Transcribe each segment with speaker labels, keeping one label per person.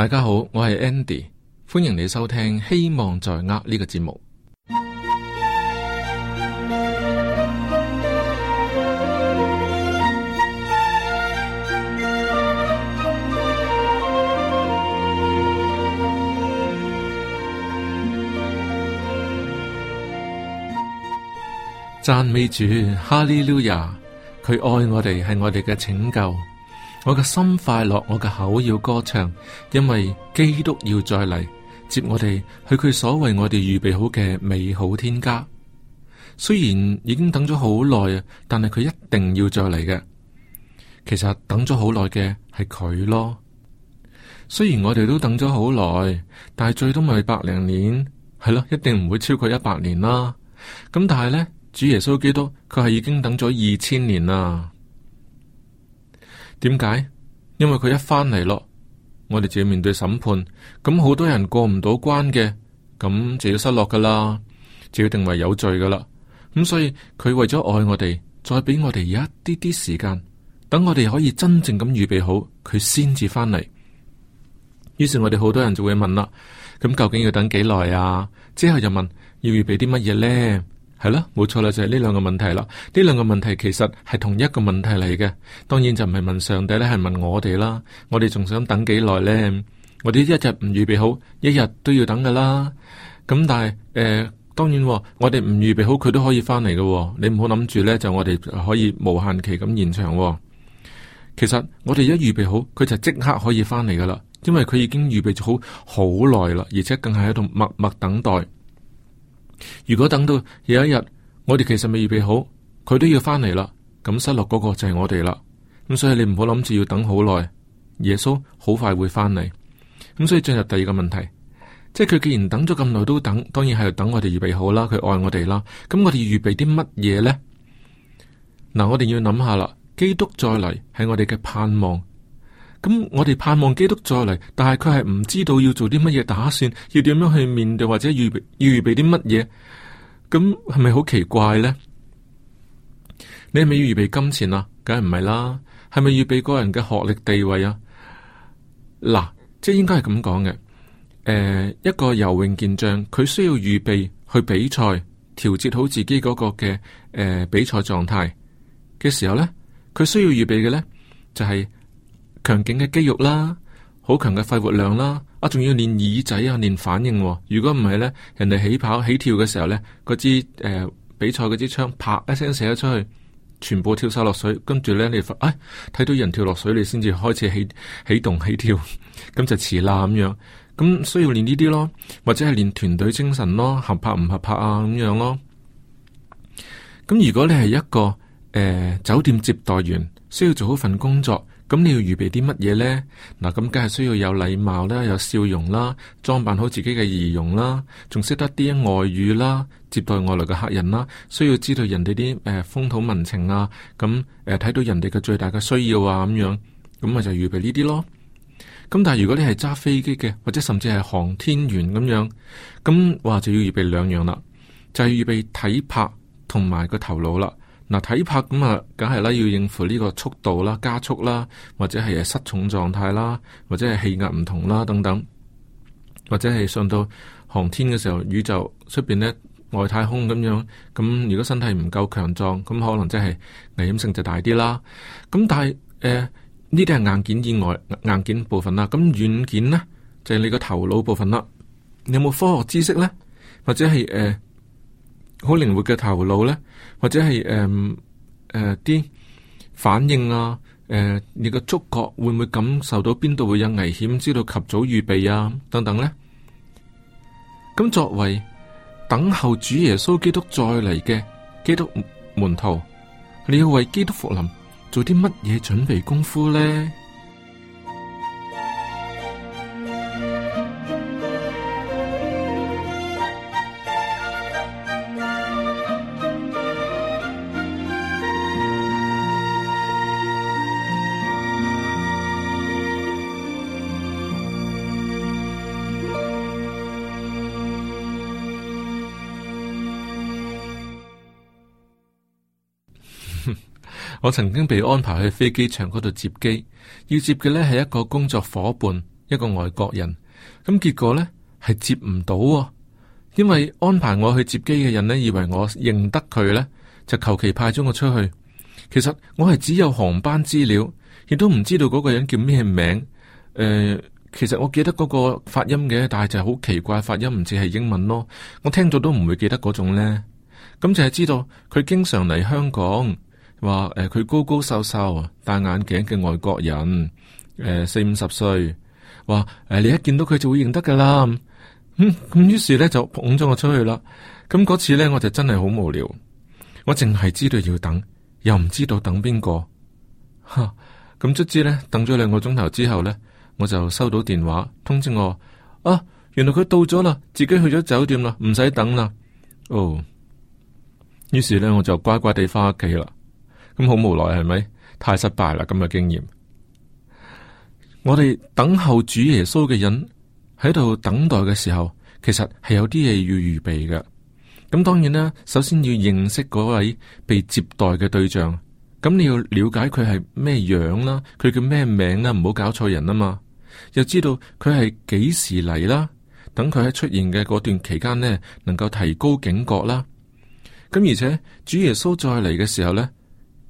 Speaker 1: 大家好，我係 Andy，歡迎你收聽《希望在握》呢個節目。讚美主，哈利路亞，佢愛我哋，係我哋嘅拯救。我嘅心快樂，我嘅口要歌唱，因為基督要再嚟接我哋去佢所為我哋預備好嘅美好天家。雖然已經等咗好耐，但係佢一定要再嚟嘅。其實等咗好耐嘅係佢咯。雖然我哋都等咗好耐，但係最多咪百零年，係咯，一定唔會超過一百年啦。咁但係呢，主耶穌基督佢係已經等咗二千年啦。點解？因為佢一翻嚟咯，我哋就要面對審判，咁好多人過唔到關嘅，咁就要失落噶啦，就要定為有罪噶啦。咁所以佢為咗愛我哋，再俾我哋一啲啲時間，等我哋可以真正咁預備好，佢先至翻嚟。於是我哋好多人就會問啦，咁究竟要等幾耐啊？之後又問要預備啲乜嘢咧？係咯，冇錯啦，就係、是、呢兩個問題啦。呢兩個問題其實係同一個問題嚟嘅。當然就唔係問上帝咧，係問我哋啦。我哋仲想等幾耐呢？我哋一日唔預備好，一日都要等噶啦。咁但係誒、呃，當然、哦、我哋唔預備好，佢都可以翻嚟噶。你唔好諗住呢，就我哋可以無限期咁延長、哦。其實我哋一預備好，佢就即刻可以翻嚟噶啦。因為佢已經預備咗好好耐啦，而且更係喺度默默等待。如果等到有一日我哋其實未預備好，佢都要翻嚟啦，咁失落嗰個就係我哋啦。咁所以你唔好諗住要等好耐，耶穌好快會翻嚟。咁所以進入第二個問題，即係佢既然等咗咁耐都等，當然係等我哋預備好啦，佢愛我哋啦。咁我哋要預備啲乜嘢呢？嗱，我哋要諗下啦，基督再嚟係我哋嘅盼望。咁我哋盼望基督再嚟，但係佢係唔知道要做啲乜嘢打算，要點樣去面對或者預備，要預備啲乜嘢？咁係咪好奇怪呢？你係咪要預備金錢啊？梗係唔係啦，係咪預備個人嘅學歷地位啊？嗱，即係應該係咁講嘅。誒、呃，一個游泳健將，佢需要預備去比賽，調節好自己嗰個嘅誒、呃、比賽狀態嘅時候呢，佢需要預備嘅呢，就係、是。強勁嘅肌肉啦，好強嘅肺活量啦，啊，仲要練耳仔啊，練反應啊。如果唔係呢，人哋起跑起跳嘅時候呢，嗰支誒、呃、比賽嗰支槍啪一聲射咗出去，全部跳晒落水，跟住呢，你，哎，睇到人跳落水，你先至開始起起動起跳，咁就遲啦咁樣。咁需要練呢啲咯，或者係練團隊精神咯，合拍唔合拍啊咁樣咯。咁如果你係一個誒、呃、酒店接待員，需要做好份工作。咁你要預備啲乜嘢呢？嗱，咁梗係需要有禮貌啦，有笑容啦，裝扮好自己嘅儀容啦，仲識得啲外語啦，接待外來嘅客人啦，需要知道人哋啲誒風土民情啊，咁誒睇到人哋嘅最大嘅需要啊，咁樣，咁咪就預備呢啲咯。咁但係如果你係揸飛機嘅，或者甚至係航天員咁樣，咁話就要預備兩樣啦，就係預備體魄同埋個頭腦啦。嗱，體魄咁啊，梗係啦，要應付呢個速度啦、加速啦，或者係失重狀態啦，或者係氣壓唔同啦等等，或者係上到航天嘅時候，宇宙出邊呢，外太空咁樣，咁如果身體唔夠強壯，咁可能即係危險性就大啲啦。咁但係誒呢啲係硬件以外，硬件部分啦，咁軟件呢，就係、是、你個頭腦部分啦，你有冇科學知識呢？或者係誒好靈活嘅頭腦呢？或者係誒誒啲反應啊，誒、呃、你個觸覺會唔會感受到邊度會有危險，知道及早預備啊，等等呢？咁作為等候主耶穌基督再嚟嘅基督門徒，你要為基督復臨做啲乜嘢準備功夫呢？我曾經被安排去飛機場嗰度接機，要接嘅呢係一個工作伙伴，一個外國人。咁結果呢係接唔到，因為安排我去接機嘅人呢，以為我認得佢呢，就求其派咗我出去。其實我係只有航班資料，亦都唔知道嗰個人叫咩名。誒、呃，其實我記得嗰個發音嘅，但係就好奇怪，發音唔似係英文咯。我聽咗都唔會記得嗰種呢，咁就係知道佢經常嚟香港。話誒，佢，呃、高高瘦瘦，戴眼鏡嘅外國人，誒、呃、四五十歲。話誒、呃，你一見到佢就會認得噶啦。嗯，咁於是咧就捧咗我出去啦。咁嗰次咧我就真係好無聊，我淨係知道要等，又唔知道等邊個。吓，咁卒之咧等咗兩個鐘頭之後咧，我就收到電話通知我啊，原來佢到咗啦，自己去咗酒店啦，唔使等啦。哦，於是咧我就乖乖哋返屋企啦。咁好無奈係咪？太失敗啦！咁嘅經驗，我哋等候主耶穌嘅人喺度等待嘅時候，其實係有啲嘢要預備嘅。咁當然啦，首先要認識嗰位被接待嘅對象。咁你要了解佢係咩樣啦，佢叫咩名啦，唔好搞錯人啊嘛。又知道佢係幾時嚟啦，等佢喺出現嘅嗰段期間呢，能夠提高警覺啦。咁而且主耶穌再嚟嘅時候呢。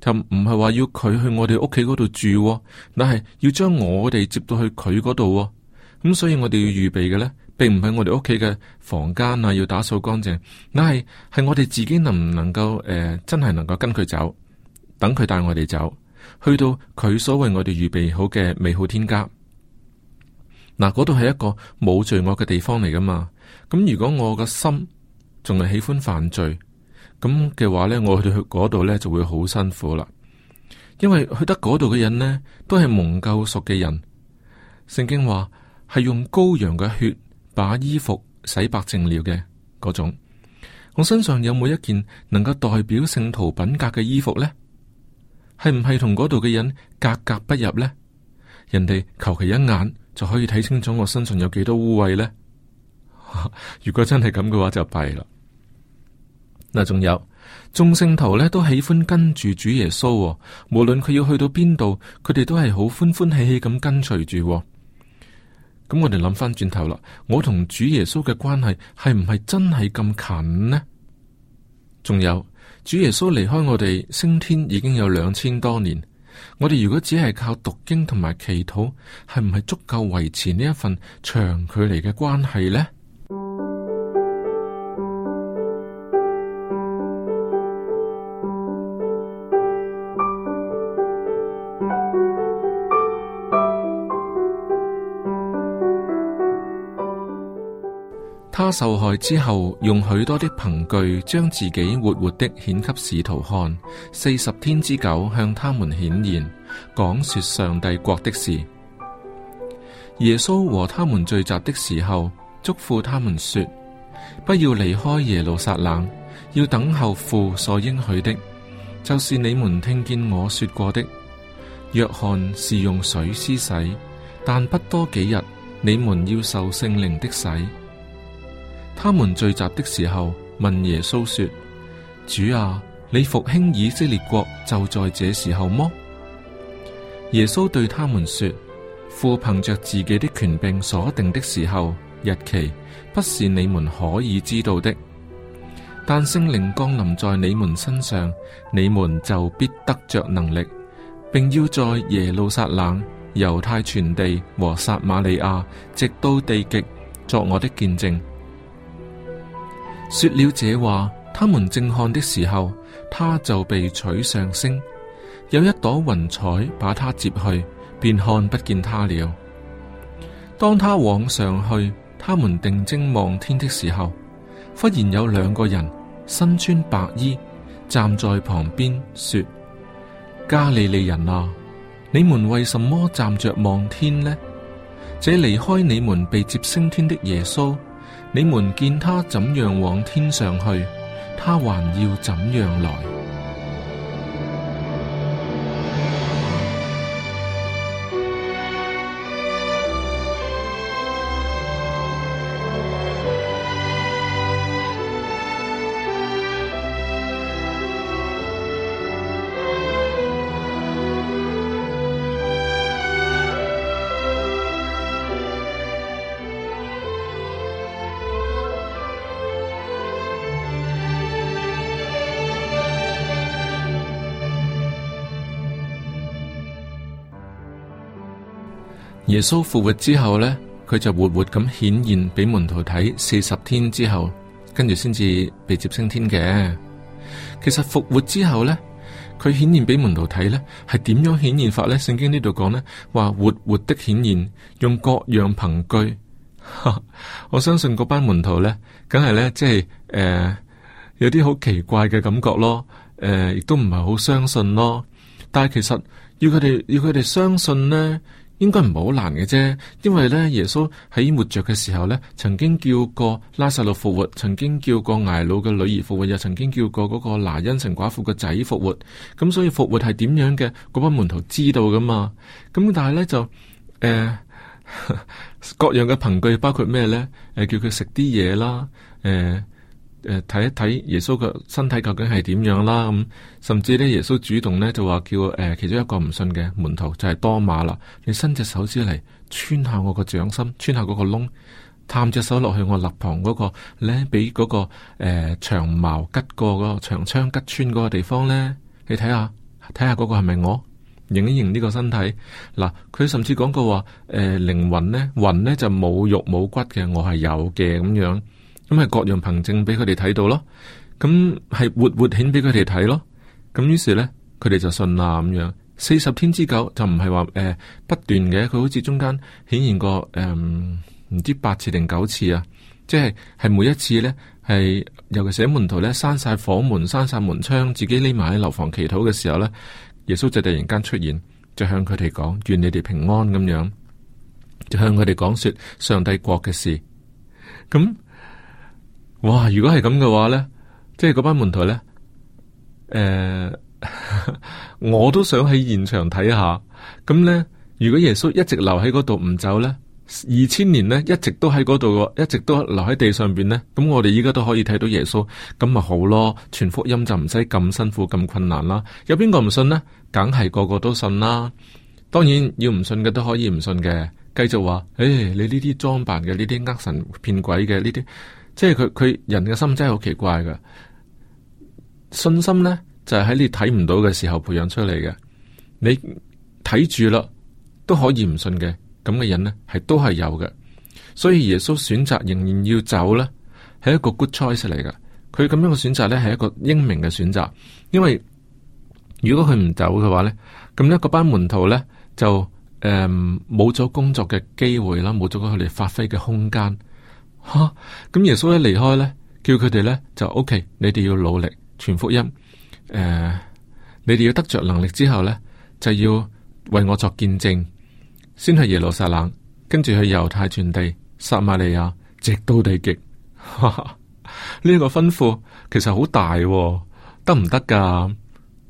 Speaker 1: 就唔係話要佢去我哋屋企嗰度住，哦，但係要將我哋接到去佢嗰度。咁、嗯、所以我哋要預備嘅呢，並唔係我哋屋企嘅房間啊，要打掃乾淨，但係係我哋自己能唔能夠誒、呃，真係能夠跟佢走，等佢帶我哋走，去到佢所為我哋預備好嘅美好天家。嗱、嗯，嗰度係一個冇罪惡嘅地方嚟噶嘛。咁、嗯、如果我個心仲係喜歡犯罪，咁嘅話呢，我去到去嗰度呢，就會好辛苦啦。因為去得嗰度嘅人呢，都係蒙救贖嘅人。聖經話係用羔羊嘅血把衣服洗白淨了嘅嗰種。我身上有冇一件能夠代表聖徒品格嘅衣服呢？係唔係同嗰度嘅人格格不入呢？人哋求其一眼就可以睇清楚我身上有幾多污穢呢？ 如果真係咁嘅話就，就弊啦。嗱，仲有眾聖徒咧，都喜歡跟住主耶穌、哦，無論佢要去到邊度，佢哋都係好歡歡喜喜咁跟隨住、哦。咁我哋諗翻轉頭啦，我同主耶穌嘅關係係唔係真係咁近呢？仲有主耶穌離開我哋升天已經有兩千多年，我哋如果只係靠讀經同埋祈禱，係唔係足夠維持呢一份長距離嘅關係呢？他受害之後，用許多的憑據將自己活活的顯給使徒看，四十天之久向他們顯現，講說上帝國的事。耶穌和他們聚集的時候，囑咐他們說：不要離開耶路撒冷，要等候父所應許的，就是你們聽見我說過的。約翰是用水施洗，但不多幾日，你們要受聖靈的洗。他們聚集的時候，問耶穌說：主啊，你復興以色列國就在這時候麼？耶穌對他們說：父憑着自己的權柄所定的時候、日期，不是你們可以知道的。但聖靈降臨在你們身上，你們就必得着能力，並要在耶路撒冷、猶太全地和撒瑪利亞，直到地極，作我的見證。說了這話，他們正看的時候，他就被取上升，有一朵雲彩把他接去，便看不見他了。當他往上去，他們定睛望天的時候，忽然有兩個人身穿白衣站在旁邊，說：加利利人啊，你們為什麼站着望天呢？這離開你們被接升天的耶穌。你們見他怎樣往天上去，他還要怎樣來？耶穌復活之後呢，佢就活活咁顯現俾門徒睇，四十天之後，跟住先至被接升天嘅。其實復活之後呢，佢顯現俾門徒睇呢，係點樣顯現法呢？聖經呢度講呢，話活活的顯現，用各樣憑據。 我相信嗰班門徒呢，梗係呢，即係誒，有啲好奇怪嘅感覺咯。誒、呃，亦都唔係好相信咯。但係其實要佢哋要佢哋相信呢。應該唔係好難嘅啫，因為咧耶穌喺活着嘅時候咧，曾經叫過拉撒路復活，曾經叫過挨老嘅女兒復活，又曾經叫過嗰個拿因城寡婦嘅仔復活，咁所以復活係點樣嘅？嗰班門徒知道㗎嘛？咁但係咧就誒、呃、各樣嘅憑據包括咩咧？誒、呃、叫佢食啲嘢啦，誒、呃。誒，睇、呃、一睇耶穌嘅身體究竟係點樣啦咁、嗯，甚至咧耶穌主動咧就話叫誒、呃、其中一個唔信嘅門徒就係多馬啦，你伸隻手指嚟穿下我個掌心，穿下嗰個窿，探隻手落去我肋旁嗰、那個咧，俾嗰、那個誒、呃、長矛拮過個長槍拮穿嗰個地方咧，你睇下，睇下嗰個係咪我，認一認呢個身體。嗱，佢甚至講過話，誒、呃、靈魂呢，魂呢就冇肉冇骨嘅，我係有嘅咁樣。咁係各樣憑證俾佢哋睇到咯，咁係活活顯俾佢哋睇咯。咁於是咧，佢哋就信啦。咁樣四十天之久就唔係話誒不斷嘅，佢好似中間顯現過誒唔知八次定九次啊。即係係每一次咧，係尤其是喺門徒咧閂晒房門，閂晒門窗，自己匿埋喺樓房祈禱嘅時候咧，耶穌就突然間出現，就向佢哋講，願你哋平安咁樣，就向佢哋講說上帝國嘅事咁。哇！如果係咁嘅話呢，即係嗰班門徒呢，誒、呃， 我都想喺現場睇下。咁呢，如果耶穌一直留喺嗰度唔走呢，二千年呢一直都喺嗰度嘅，一直都留喺地上邊呢。咁我哋依家都可以睇到耶穌，咁咪好咯。傳福音就唔使咁辛苦咁困難啦。有邊個唔信呢？梗係個個都信啦。當然要唔信嘅都可以唔信嘅，繼續話誒、哎，你呢啲裝扮嘅呢啲呃神騙鬼嘅呢啲。即係佢佢，人嘅心真係好奇怪噶信心呢，就係喺你睇唔到嘅時候培養出嚟嘅。你睇住啦，都可以唔信嘅咁嘅人呢，係都係有嘅。所以耶穌選擇仍然要走咧，係一個 good choice 嚟噶佢咁樣嘅選擇呢，係一個英明嘅選擇。因為如果佢唔走嘅話呢，咁一個班門徒呢，就誒冇咗工作嘅機會啦，冇咗佢哋發揮嘅空間。吓，咁，啊、耶穌一離開咧，叫佢哋咧就 O、okay, K，你哋要努力傳福音，誒、呃，你哋要得着能力之後咧，就要為我作見證，先去耶路撒冷，跟住去猶太全地、撒瑪利亞，直到地極。呢、這個吩咐其實好大，啊，得唔得噶？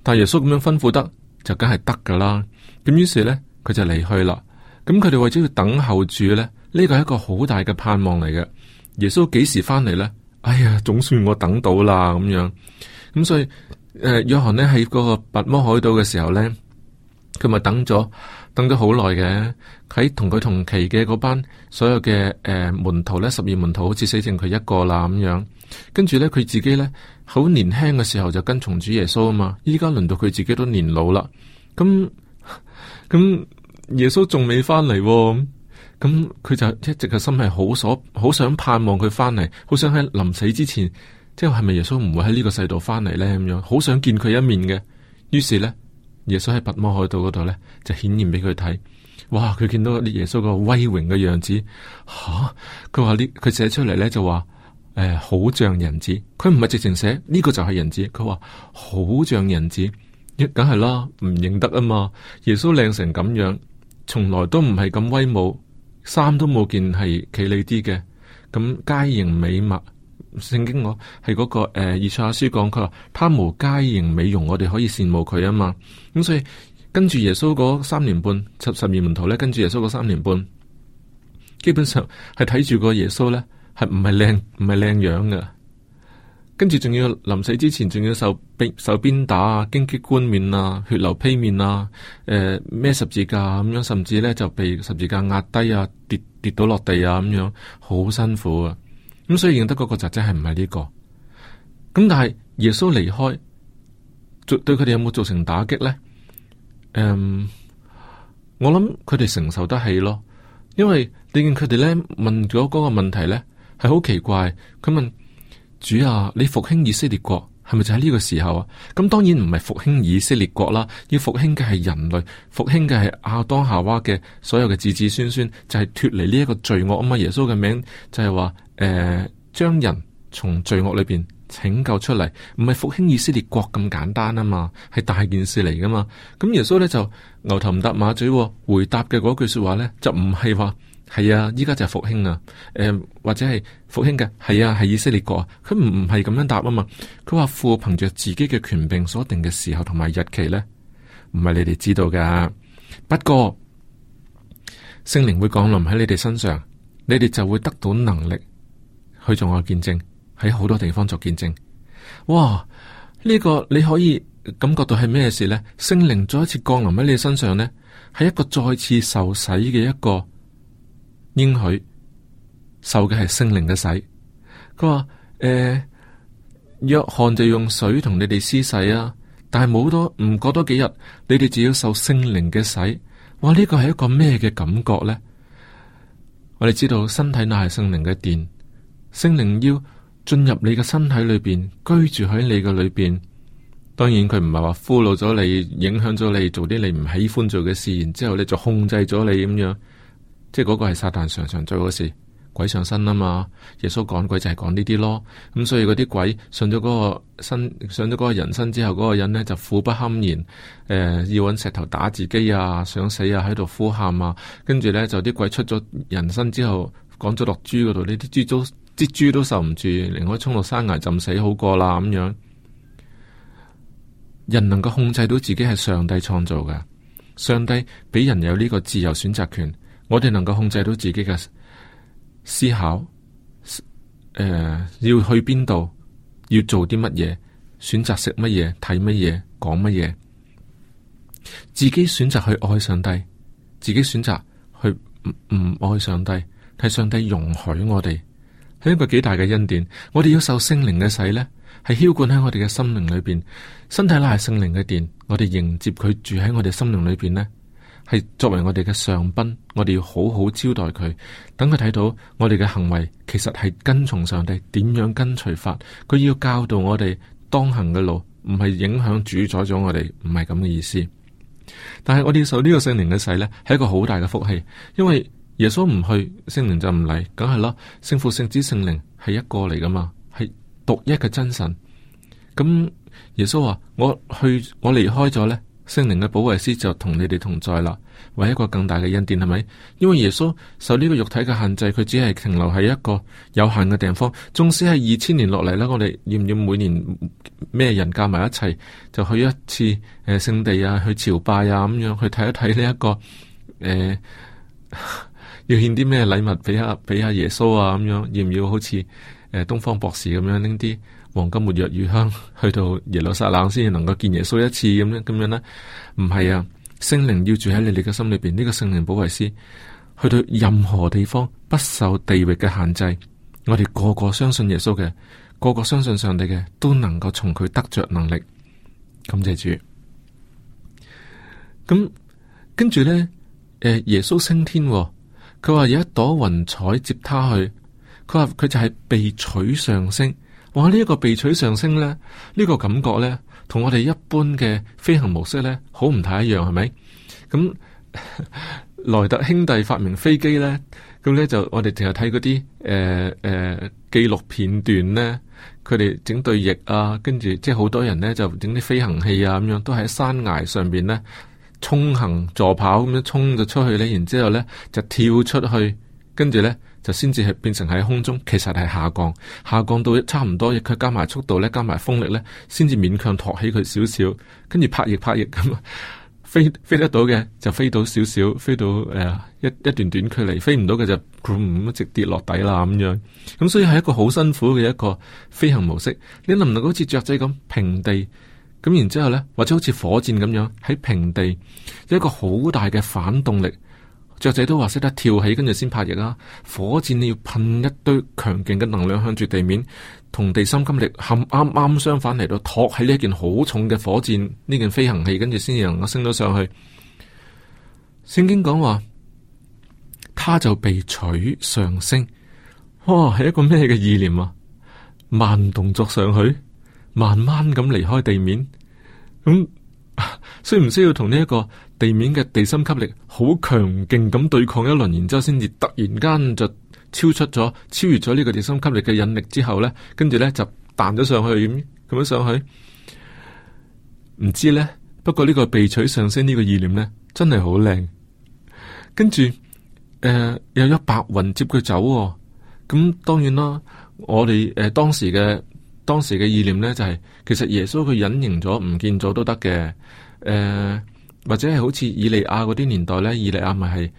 Speaker 1: 但耶穌咁樣吩咐得，就梗係得噶啦。咁於是咧，佢就離去啦。咁佢哋為咗要等候主咧。呢個係一個好大嘅盼望嚟嘅，耶穌幾時翻嚟呢？哎呀，總算我等到啦咁樣，咁、嗯、所以，誒、呃，約翰呢喺嗰個拔摩海島嘅時候呢，佢咪等咗，等咗好耐嘅。喺同佢同期嘅嗰班所有嘅誒、呃、門徒呢，十二門徒好似死剩佢一個啦咁樣。跟住呢，佢自己呢，好年輕嘅時候就跟從主耶穌啊嘛，依家輪到佢自己都年老啦。咁咁，耶穌仲未翻嚟喎。咁佢就一直嘅心係好所好想盼望佢翻嚟，好想喺臨死之前，即係係咪耶穌唔會喺呢個世道翻嚟呢？咁樣好想見佢一面嘅。於是呢，耶穌喺拔摩海島嗰度呢，就顯現俾佢睇。哇！佢見到啲耶穌個威榮嘅樣子，嚇佢話呢，佢寫出嚟呢，就話誒，好、欸、像人子。佢唔係直情寫呢個就係人子，佢話好像人子，梗係啦，唔認得啊嘛。耶穌靚成咁樣，從來都唔係咁威武。衫都冇件係企理啲嘅，咁佳形美物，聖經我係嗰個誒、呃，以賽亞書講佢話，他無佳形美容，我哋可以羨慕佢啊嘛。咁所以跟住耶穌嗰三年半，七十二門徒咧，跟住耶穌嗰三年半，基本上係睇住個耶穌咧，係唔係靚，唔係靚樣嘅。跟住仲要臨死之前，仲要受邊鞭打啊，荊棘冠冕啊，血流披面啊，誒、呃、咩十字架咁樣，甚至咧就被十字架壓低啊，跌跌到落地啊咁樣，好辛苦啊！咁、嗯、所以認得嗰個就仔係唔係呢個。咁、嗯、但係耶穌離開，對佢哋有冇造成打擊呢？嗯，我諗佢哋承受得起咯，因為你見佢哋咧問咗嗰個問題咧，係好奇怪，佢問。主啊，你復興以色列國係咪就喺呢個時候啊？咁、嗯、當然唔係復興以色列國啦，要復興嘅係人類，復興嘅係亞當夏娃嘅所有嘅子子孫孫，就係脫離呢一個罪惡啊嘛！耶穌嘅名就係話，誒、呃，將人從罪惡裏邊拯救出嚟，唔係復興以色列國咁簡單啊嘛，係大件事嚟噶嘛。咁、嗯、耶穌咧就牛頭唔搭馬嘴、喔，回答嘅嗰句話呢說話咧就唔係話。係啊，依家就係復興啊，誒、呃、或者係復興嘅係啊，係以色列國啊。佢唔唔係咁樣答啊嘛。佢話父憑着自己嘅權柄所定嘅時候同埋日期呢，唔係你哋知道噶、啊。不過聖靈會降臨喺你哋身上，你哋就會得到能力去做我嘅見證，喺好多地方做見證。哇，呢、這個你可以感覺到係咩事呢？聖靈再一次降臨喺你身上呢，係一個再次受洗嘅一個。應許受嘅係聖靈嘅洗，佢話：誒、欸，約翰就用水同你哋施洗啊，但係冇多唔過多幾日，你哋就要受聖靈嘅洗。哇！呢、這個係一個咩嘅感覺呢？我哋知道身體乃係聖靈嘅殿，聖靈要進入你嘅身體裏邊，居住喺你嘅裏邊。當然佢唔係話俘虜咗你，影響咗你做啲你唔喜歡做嘅事，然之後你就控制咗你咁樣。即係嗰個係撒旦常常做嘅事，鬼上身啊嘛！耶穌講鬼就係講呢啲咯，咁、嗯、所以嗰啲鬼上咗嗰個身，上咗個人身之後，嗰、嗰個人呢就苦不堪言，誒、呃、要揾石頭打自己啊，想死啊，喺度呼喊啊，跟住呢，就啲鬼出咗人身之後，趕咗落豬嗰度，呢啲豬都豬都受唔住，寧可衝落山崖浸死好過啦咁樣。人能夠控制到自己係上帝創造嘅，上帝俾人有呢個自由選擇權。我哋能夠控制到自己嘅思考，誒、呃，要去邊度，要做啲乜嘢，選擇食乜嘢，睇乜嘢，講乜嘢，自己選擇去愛上帝，自己選擇去唔唔愛上帝，係上帝容許我哋，係一個幾大嘅恩典。我哋要受聖靈嘅洗呢，係澆灌喺我哋嘅心靈裏邊，身體拉係聖靈嘅殿，我哋迎接佢住喺我哋心靈裏邊呢。係作為我哋嘅上賓，我哋要好好招待佢。等佢睇到我哋嘅行為，其實係跟從上帝，點樣跟隨法，佢要教導我哋當行嘅路，唔係影響主宰咗我哋，唔係咁嘅意思。但係我哋要受呢個聖靈嘅洗呢，係一個好大嘅福氣，因為耶穌唔去，聖靈就唔嚟，梗係咯。聖父、聖子、聖靈係一個嚟噶嘛，係獨一嘅真神。咁耶穌話：我去，我離開咗呢。」聖靈嘅保惠師就同你哋同在啦，為一,一個更大嘅恩典係咪？因為耶穌受呢個肉體嘅限制，佢只係停留喺一個有限嘅地方。縱使係二千年落嚟呢，我哋要唔要每年咩人夾埋一齊就去一次誒聖、呃、地啊？去朝拜啊？咁樣去睇一睇呢一個誒、呃，要獻啲咩禮物俾下俾下耶穌啊？咁樣要唔要好似？誒，東方博士咁樣拎啲黃金、末藥、乳香，去到耶路撒冷，先至能夠見耶穌一次咁咧，咁樣咧，唔係啊！聖靈要住喺你哋嘅心裏邊，呢個聖靈保惠師，去到任何地方不受地域嘅限制。我哋個個相信耶穌嘅，個個相信上帝嘅，都能夠從佢得着能力。感謝主。咁跟住呢，耶穌升天，佢話有一朵雲彩接他去。佢話：佢就係被取上升。哇！呢、這、一個被取上升咧，呢、這個感覺咧，同我哋一般嘅飛行模式咧，好唔太一樣係咪？咁 萊特兄弟發明飛機咧，咁咧就我哋淨係睇嗰啲誒誒記錄片段咧，佢哋整對翼啊，跟住即係好多人咧就整啲飛行器啊咁樣，都喺山崖上邊咧衝行助跑咁樣衝咗出去咧，然之後咧就跳出去。跟住咧，就先至係變成喺空中，其實係下降，下降到差唔多，亦佢加埋速度咧，加埋風力咧，先至勉強托起佢少少。跟住拍翼拍翼咁，飛飛得到嘅就飛到少少，飛到誒、呃、一一段短距離。飛唔到嘅就、呃、直跌落底啦咁樣。咁所以係一個好辛苦嘅一個飛行模式。你能唔能夠好似雀仔咁平地咁，然之後咧，或者好似火箭咁樣喺平地有一個好大嘅反動力。雀仔都話識得跳起，跟住先拍翼啦。火箭你要噴一堆強勁嘅能量向住地面，同地心引力冚啱啱相反嚟到托起呢一件好重嘅火箭呢件飛行器，跟住先至能夠升咗上去。聖經講話，他就被取上升。哇，係一個咩嘅意念啊？慢動作上去，慢慢咁離開地面。咁、啊、需唔需要同呢一個？地面嘅地心吸力好強勁咁對抗一輪，然之後先至突然間就超出咗、超越咗呢個地心吸力嘅引力之後呢，跟住呢就彈咗上去，咁樣上去，唔知呢？不過呢個被取上升呢個意念呢，真係好靚。跟住，誒、呃，有一白雲接佢走、哦。咁、嗯、當然啦，我哋誒、呃、當時嘅當時嘅意念呢，就係、是、其實耶穌佢隱形咗、唔見咗都得嘅，誒、呃。或者係好似以利亞嗰啲年代咧，以利亞咪係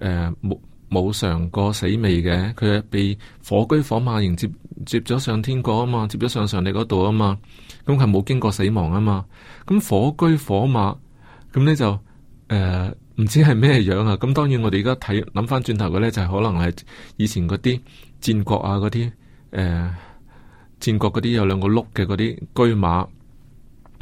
Speaker 1: 誒冇冇嘗過死味嘅，佢係被火居火馬迎接接咗上天國啊嘛，接咗上上帝嗰度啊嘛，咁佢冇經過死亡啊嘛，咁、嗯、火居火馬，咁咧就誒唔、呃、知係咩樣啊，咁、嗯、當然我哋而家睇諗翻轉頭嘅咧，就係可能係以前嗰啲戰國啊嗰啲誒戰國嗰啲有兩個轆嘅嗰啲居馬。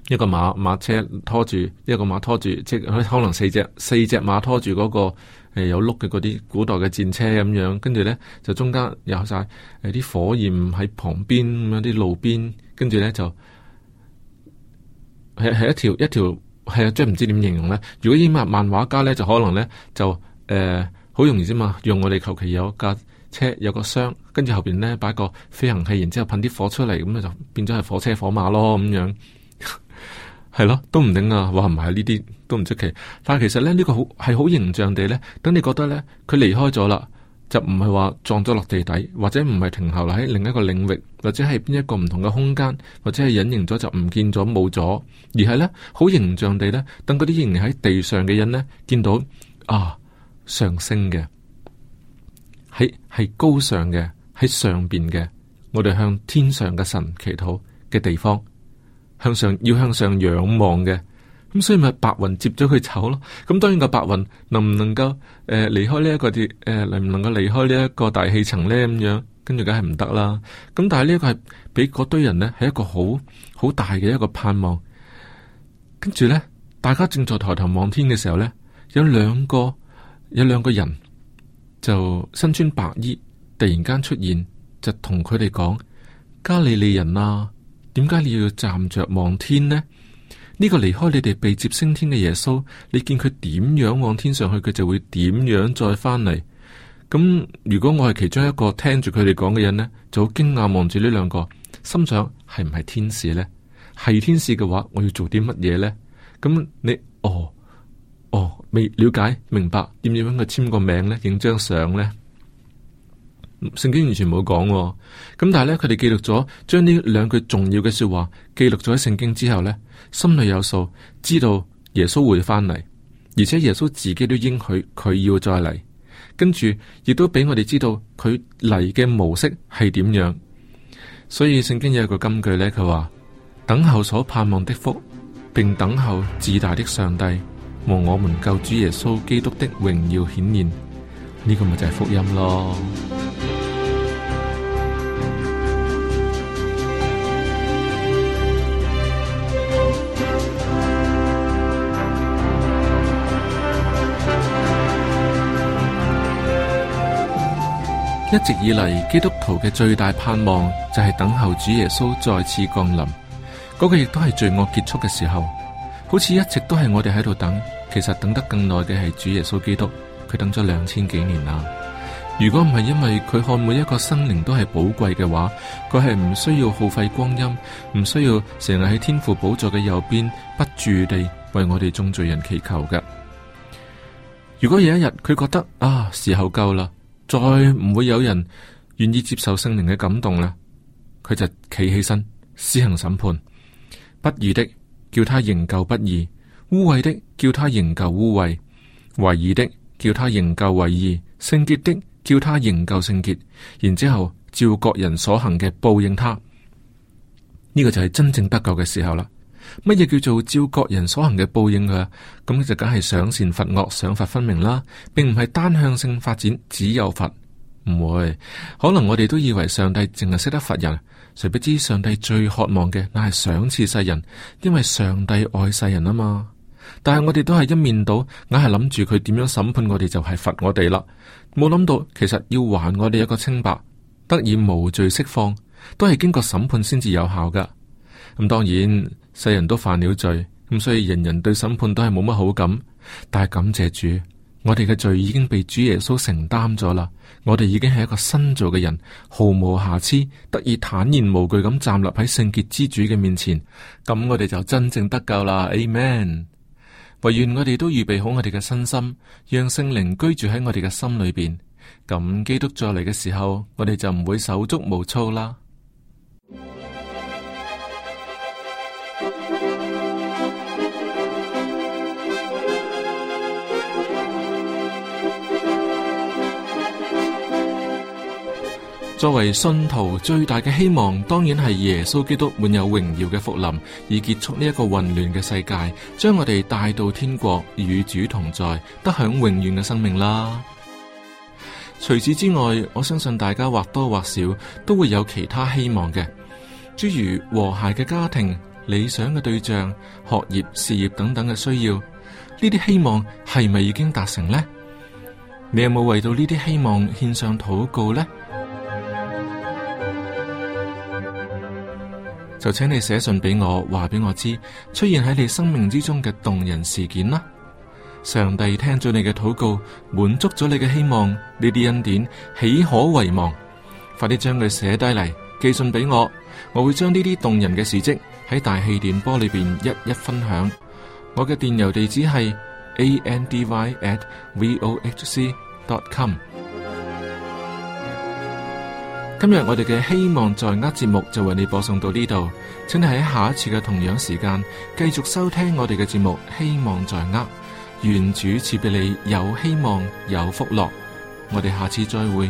Speaker 1: 一個馬馬車拖住一個馬拖住，即係可能四隻四隻馬拖住嗰、嗰個誒、呃、有碌嘅嗰啲古代嘅戰車咁樣，跟住呢，就中間有晒誒啲火焰喺旁邊咁樣啲路邊，跟住呢，就係係一條一條係啊，即係唔知點形容呢。如果英文漫畫家呢，就可能呢，就誒好、呃、容易啫、啊、嘛，用我哋求其有一架車有一個箱，跟住後邊呢，擺個飛行器，然之後噴啲火出嚟，咁就變咗係火車火馬咯咁樣。係咯，都唔定啊，話唔埋呢啲都唔出奇。但係其實咧，呢、這個好係好形象地咧，等你覺得咧，佢離開咗啦，就唔係話撞咗落地底，或者唔係停留喺另一個領域，或者係邊一個唔同嘅空間，或者係隱形咗就唔見咗冇咗，而係咧好形象地咧，等嗰啲仍然喺地上嘅人咧，見到啊，上升嘅，喺係高尚嘅，喺上邊嘅，我哋向天上嘅神祈禱嘅地方。向上要向上仰望嘅，咁、嗯、所以咪白雲接咗佢走咯。咁、嗯、當然個白雲能唔能夠誒離開呢一個嘅，誒能唔能夠離開呢一個大氣層咧咁樣，跟住梗係唔得啦。咁、嗯、但係呢一個係俾嗰堆人呢，係一個好好大嘅一個盼望。跟住咧，大家正在抬頭望天嘅時候咧，有兩個有兩個人就身穿白衣，突然間出現，就同佢哋講，加利利人啊！點解你要站着望天呢？呢個離開你哋被接升天嘅耶穌，你見佢點樣往天上去，佢就會點樣再翻嚟。咁如果我係其中一個聽住佢哋講嘅人呢，就好驚訝望住呢兩個，心想係唔係天使呢？係天使嘅話，我要做啲乜嘢呢？咁你哦哦未了解明白，點樣去簽個名呢？影張相呢？聖經完全冇講。哦，咁但係咧，佢哋記錄咗將呢兩句重要嘅說話記錄咗喺聖經之後呢，心裏有數，知道耶穌會翻嚟，而且耶穌自己都應許佢要再嚟，跟住亦都俾我哋知道佢嚟嘅模式係點樣。所以聖經有一個金句呢，佢話：等候所盼望的福，並等候至大的上帝和我們救主耶穌基督的榮耀顯現。呢個咪就係福音咯！音一直以嚟，基督徒嘅最大盼望就係等候主耶穌再次降臨，嗰個亦都係罪惡結束嘅時候。好似一直都係我哋喺度等，其實等得更耐嘅係主耶穌基督。佢等咗兩千幾年啦。如果唔係因為佢看每一個生靈都係寶貴嘅話，佢係唔需要耗費光陰，唔需要成日喺天父寶座嘅右邊不住地為我哋眾罪人祈求嘅。如果有一日佢覺得啊，時候夠啦，再唔會有人願意接受聖靈嘅感動啦，佢就企起身施行審判，不義的叫他仍舊不義，污穢的叫他仍舊污穢，懷疑的，叫他仍舊為義，聖潔的叫他仍舊聖潔，然之後照各人所行嘅報應他。呢、這個就係真正不救嘅時候啦。乜嘢叫做照各人所行嘅報應佢啊？咁就梗係賞善罰惡，賞罰分明啦，並唔係單向性發展，只有罰，唔會，可能我哋都以為上帝淨係識得罰人，誰不知上帝最渴望嘅，乃係賞賜世人，因為上帝愛世人啊嘛。但係我哋都係一面倒，硬係諗住佢點樣審判我哋就係罰我哋啦。冇諗到其實要還我哋一個清白，得以無罪釋放，都係經過審判先至有效噶。咁當然世人都犯了罪，咁所以人人對審判都係冇乜好感。但係感謝主，我哋嘅罪已經被主耶穌承擔咗啦。我哋已經係一個新造嘅人，毫無瑕疵，得以坦然無懼咁站立喺聖潔之主嘅面前。咁我哋就真正得救啦。Amen 惟願我哋都預備好我哋嘅身心，讓聖靈居住喺我哋嘅心裏邊，咁基督再嚟嘅時候，我哋就唔會手足無措啦。作為信徒最大嘅希望，當然係耶穌基督滿有榮耀嘅復臨，以結束呢一個混亂嘅世界，將我哋帶到天國，與主同在，得享永遠嘅生命啦。除此之外，我相信大家或多或少都會有其他希望嘅，諸如和諧嘅家庭、理想嘅對象、學業、事業等等嘅需要。呢啲希望係咪已經達成呢？你有冇為到呢啲希望獻上禱告呢？就請你寫信俾我，話俾我知出現喺你生命之中嘅動人事件啦！上帝聽咗你嘅禱告，滿足咗你嘅希望，呢啲恩典豈可遺忘？快啲將佢寫低嚟寄信俾我，我會將呢啲動人嘅事蹟喺大氣電波裏邊一一分享。我嘅電郵地址係 a n d y at v o h c dot com。今日我哋嘅希望在握節目就為你播送到呢度，請你喺下一次嘅同樣時間繼續收聽我哋嘅節目，希望在握，願主賜俾你有希望有福樂，我哋下次再會。